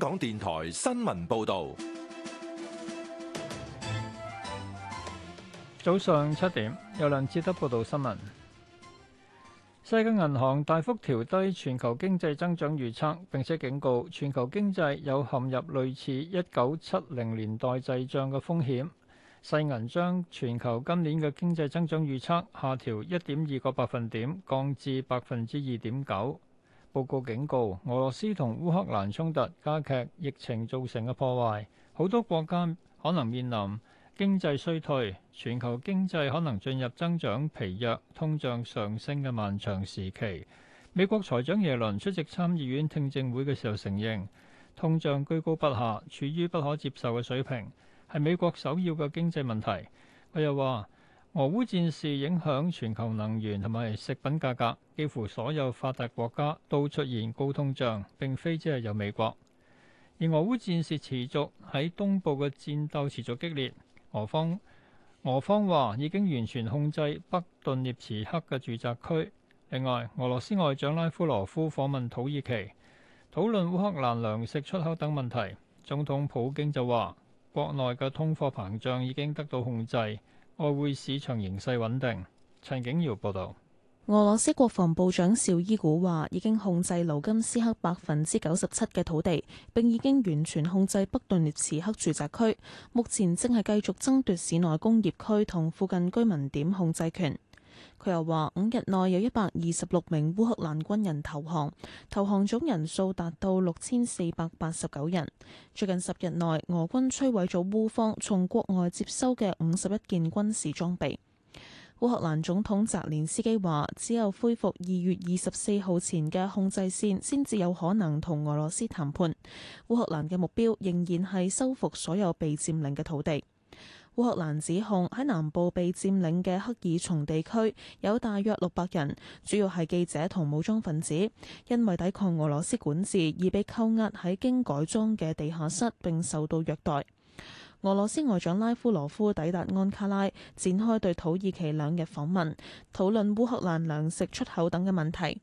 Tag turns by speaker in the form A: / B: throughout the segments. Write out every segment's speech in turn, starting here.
A: 香港電台新聞報道，早上七點，由梁志德報道新聞。世界銀行大幅調低全球經濟增長預測，並且警告全球經濟有陷入類似一九七零年代滯脹嘅風險。世銀將全球今年嘅經濟增長預測下調一點二個百分點，降至百分之二點九。報告警告，俄羅斯同烏克蘭衝突加劇，疫情造成嘅破壞，好多國家可能面臨經濟衰退，全球經濟可能進入增長疲弱、通脹上升嘅漫長時期。美國財長耶倫出席參議院聽證會嘅時候，承認通脹居高不下，處於不可接受嘅水平，係美國首要嘅經濟問題。佢又話。俄烏戰事影響全球能源同埋食品價格，幾乎所有發達國家都出現高通脹。並非只係由美國。而俄烏戰事持續，喺東部嘅戰鬥持續激烈，俄方俄方話已經完全控制北頓涅茨克嘅住宅區。另外，俄羅斯外長拉夫羅夫訪問土耳其，討論烏克蘭糧食出口等問題。總統普京就話，國內嘅通貨膨脹已經得到控制。外匯市場形勢穩定。陳景耀報道，
B: 俄羅斯國防部長紹伊古話，已經控制盧甘斯克百分之九十七嘅土地，並已經完全控制北頓涅茨克住宅區。目前正係繼續爭奪市內工業區同附近居民點控制權。佢又話：五日內有一百二十六名烏克蘭軍人投降，投降總人數達到六千四百八十九人。最近十日內，俄軍摧毀咗烏方從國外接收嘅五十一件軍事裝備。烏克蘭總統澤連斯基話：只有恢復二月二十四號前嘅控制線，先至有可能同俄羅斯談判。烏克蘭嘅目標仍然係收復所有被佔領嘅土地。烏克蘭指控喺南部被佔領嘅克爾松地區有大約六百人，主要係記者同武裝分子，因為抵抗俄羅斯管治而被扣押喺經改裝嘅地下室，並受到虐待。俄羅斯外長拉夫羅夫抵達安卡拉，展開對土耳其兩日訪問，討論烏克蘭糧食出口等嘅問題。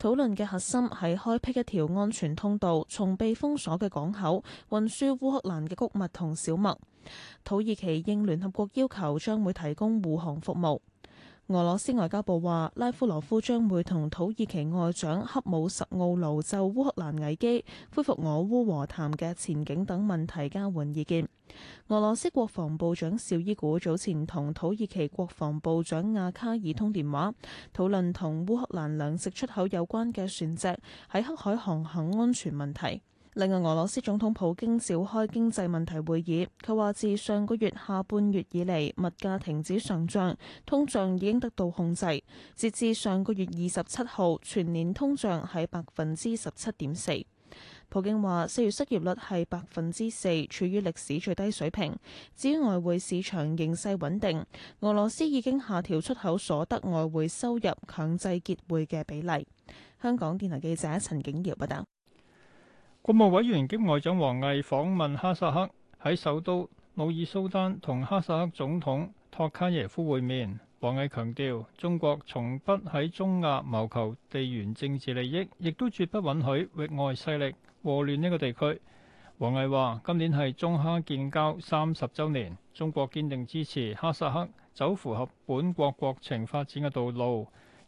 B: 討論嘅核心係開闢一條安全通道，從被封鎖嘅港口運輸烏克蘭嘅谷物同小麥。土耳其應聯合國要求，將會提供護航服務。俄羅斯外交部話，拉夫羅夫將會同土耳其外長克姆什奧盧就烏克蘭危機、恢復俄烏和談嘅前景等問題交換意見。俄羅斯國防部長紹伊古早前同土耳其國防部長亞卡爾通電話，討論同烏克蘭糧食出口有關嘅船隻喺黑海航行安全問題。另外，俄羅斯總統普京召開經濟問題會議，佢話：自上個月下半月以嚟，物價停止上漲，通脹已經得到控制。截至上個月二十七號，全年通脹係百分之十七點四。普京話：四月失業率係百分之四，處於歷史最低水平。至於外匯市場形勢穩定，俄羅斯已經下調出口所得外匯收入強制結匯嘅比例。香港電台記者陳景堯報道。
A: 國務委員兼外長王毅訪問哈薩克，喺首都努爾蘇丹同哈薩克總統托卡耶夫會面。王毅強調，中國從不喺中亞謀求地緣政治利益，亦都絕不允許域外勢力禍亂呢個地區。王毅話：今年係中哈建交三十周年，中國堅定支持哈薩克走符合本國國情發展嘅道路。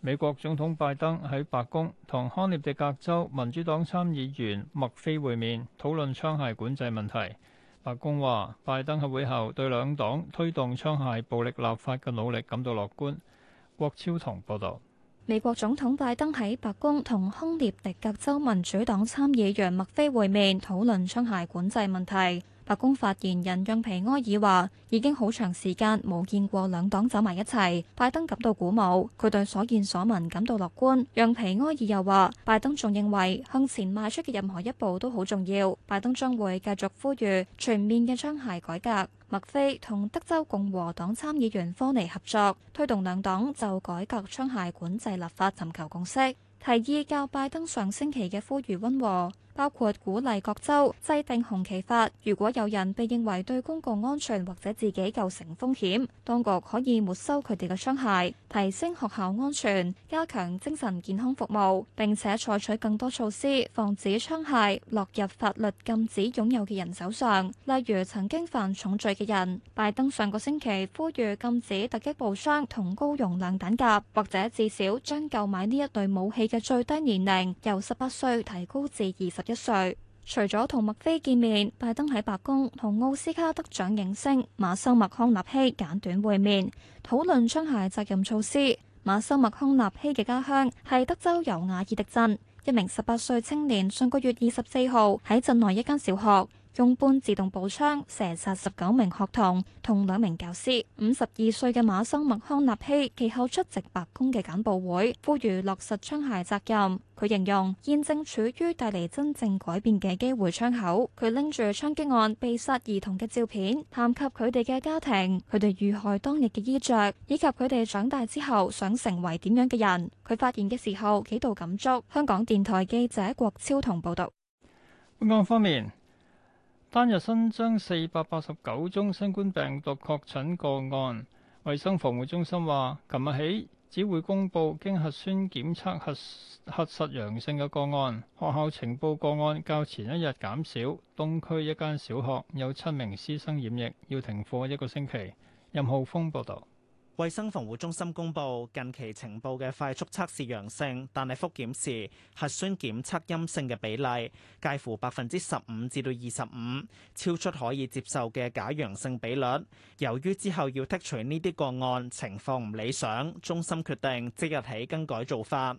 A: 美國總統拜登喺白宮同康涅狄格州民主黨參議員麥菲會面，討論槍械管制問題。白宮話，拜登喺會後對兩黨推動槍械暴力立法嘅努力感到樂觀。郭超同報道。
C: 美國總統拜登喺白宮同康涅狄格州民主黨參議員麥菲會面，討論槍械管制問題。白宮發言人讓皮埃爾話：已經好長時間冇見過兩黨走埋一齊，拜登感到鼓舞，佢對所見所聞感到樂觀。讓皮埃爾又話：拜登仲認為向前邁出嘅任何一步都好重要，拜登將會繼續呼籲全面嘅槍械改革。墨菲同德州共和黨參議員科尼合作，推動兩黨就改革槍械管制立法尋求共識，提議較拜登上星期嘅呼籲溫和。包括鼓勵各州制定紅旗法，如果有人被認為對公共安全或者自己構成風險，當局可以沒收佢哋嘅槍械，提升學校安全，加強精神健康服務，並且採取更多措施防止槍械落入法律禁止擁有嘅人手上，例如曾經犯重罪嘅人。拜登上個星期呼籲禁止突擊步槍同高容量彈夾，或者至少將購買呢一類武器嘅最低年齡由十八歲提高至二十。一歲， 除咗同麥菲見面，拜登喺白宮同奧斯卡得獎影星馬修麥康納希簡短會面，討論槍械責任措施。馬修麥康納希嘅家鄉係德州尤瓦爾迪鎮，一名十八歲青年上個月二十四號喺鎮內一間小學。用半自動步槍射殺十九名學童同兩名教師。五十二歲嘅馬生麥康納希，其後出席白宮嘅簡報會，呼籲落實槍械責任。佢形容現正處於帶嚟真正改變嘅機會窗口。佢拎住槍擊案被殺兒童嘅照片，探及佢哋嘅家庭、佢哋遇害當日嘅衣着，以及佢哋長大之後想成為點樣嘅人。佢發言嘅時候幾度感觸。香港電台記者郭超同報道。
A: 本港方面。單日新增四百八十九宗新冠病毒確診個案，衛生防護中心話，琴日起只會公布經核酸檢測核核實陽性嘅個案。學校情報個案較前一日減少，東區一間小學有七名師生染疫，要停課一個星期。任浩峰報道。衛生防護中心公布
D: 近期呈報嘅快速測試陽性，但係復檢時核酸檢測陰性嘅比例介乎百分之十五至到二十五，超出可以接受嘅假陽性比率。由於之後要剔除呢啲個案，情況唔理想，中心決定即日起更改做法。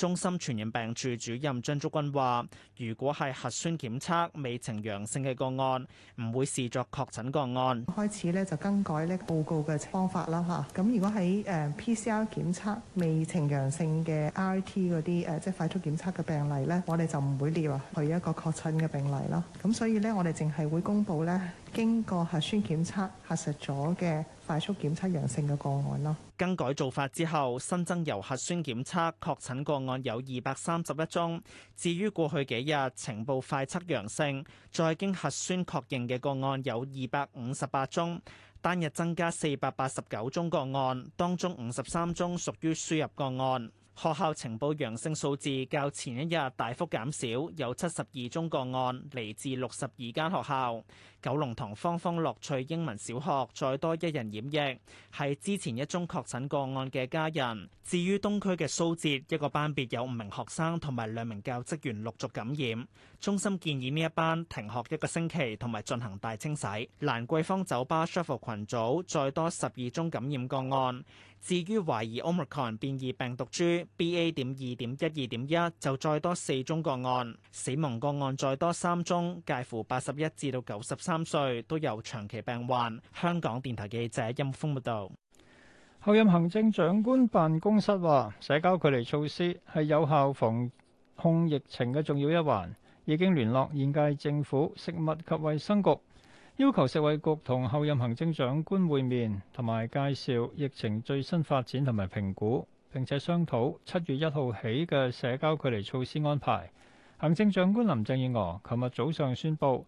D: 中心傳染病處主任張竹君話，如果係核酸檢測未呈陽性嘅個案，唔會視作確診個案。
B: 開始咧就更改咧報告嘅方法啦吓，咁如果喺誒 PCR 檢測未呈陽性嘅 RT 嗰啲誒即係快速檢測嘅病例咧，我哋就唔會列為一個確診嘅病例啦。咁所以咧，我哋淨係會公佈咧經過核酸檢測核實咗嘅快速檢測陽性嘅
C: 個案咯。
D: 更改做法之後，新增由核酸檢測確診個案有二百三十一宗。至於過去幾日呈報快測陽性，再經核酸確認嘅個案有二百五十八宗，單日增加四百八十九宗個案，當中五十三宗屬於輸入個案。學校呈報陽性數字較前一日大幅減少，有七十二宗個案嚟自六十二間學校。九龍塘芳芳樂趣英文小學再多一人染疫，係之前一宗確診個案嘅家人。至於東區嘅蘇浙，一個班別有五名學生同埋兩名教職員陸續感染，中心建議呢一班停學一個星期同埋進行大清洗。蘭桂坊酒吧 shuffle 群組再多十二宗感染個案，至於懷疑 omicron 變異病毒株 BA. 點二點一二點一就再多四宗個案，死亡個案再多三宗，介乎八十一至到九十三歲都有長期病患。香港電台記者任峯報道。
A: 候任行政長官辦公室話：社交距離措施係有效防控疫情嘅重要一環，已經聯絡現屆政府食物及衛生局，要求食衛局同候任行政長官會面，同埋介紹疫情最新發展同埋評估，並且商討七月一號起嘅社交距離措施安排。行政長官林鄭月娥琴日早上宣布。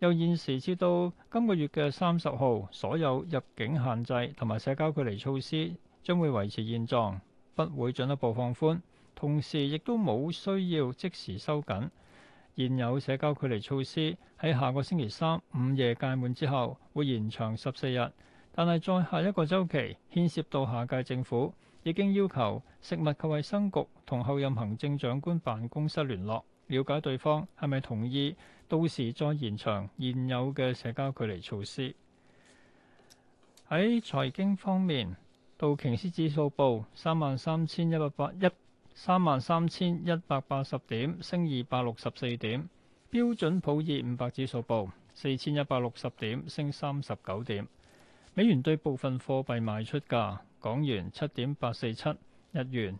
A: 由現時至到今個月嘅三十號，所有入境限制同埋社交距離措施將會維持現狀，不會進一步放寬。同時亦都冇需要即時收緊。現有社交距離措施喺下個星期三午夜屆滿之後，會延長十四日。但係再下一個週期牽涉到下屆政府，已經要求食物及衛生局同後任行政長官辦公室聯絡。了解對方係咪同意，到時再延長現有嘅社交距離措施。喺財經方面，道瓊斯指數報三萬三千一百八一三萬三千一百八十點，升二百六十四點。標準普爾五百指數報四千一百六十點，升三十九點。美元對部分貨幣賣出價，港元七點八四七，日元。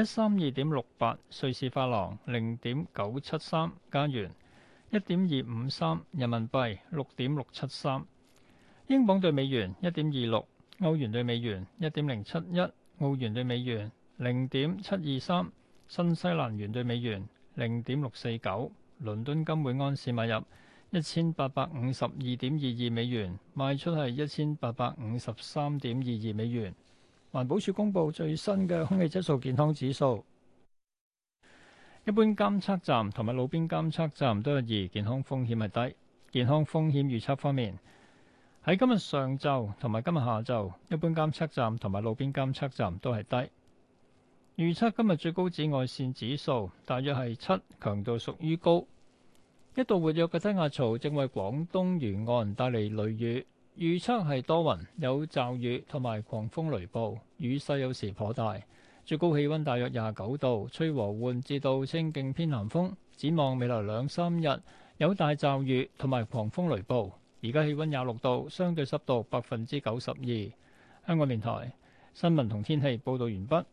A: 一三二點六八瑞士法郎，零點九七三加元，一點二五三人民幣，六點六七三。英鎊對美元一點二六，歐元對美元一點零七一，1. 1，澳元對美元零點七二三，23，新西蘭元對美元零點六四九。倫敦金每盎司買入一千八百五十二點二二美元，賣出係一千八百五十三點二二美元。環保署公布最新嘅空氣質素健康指數，一般監測站同埋路邊監測站都係二，健康風險係低。健康風險預測方面，喺今日上晝同埋今日下晝，一般監測站同埋路邊監測站都係低。預測今日最高紫外線指數大約係七，強度屬於高。一度活躍嘅低壓槽正為廣東沿岸帶嚟雷雨。預測係多雲，有驟雨同埋狂風雷暴，雨勢有時頗大。最高氣温大約廿九度，吹和緩至到清勁偏南風。展望未來兩三日，有大驟雨同埋狂風雷暴。而家氣温廿六度，相對濕度百分之九十二。香港電台新聞同天氣報導完畢。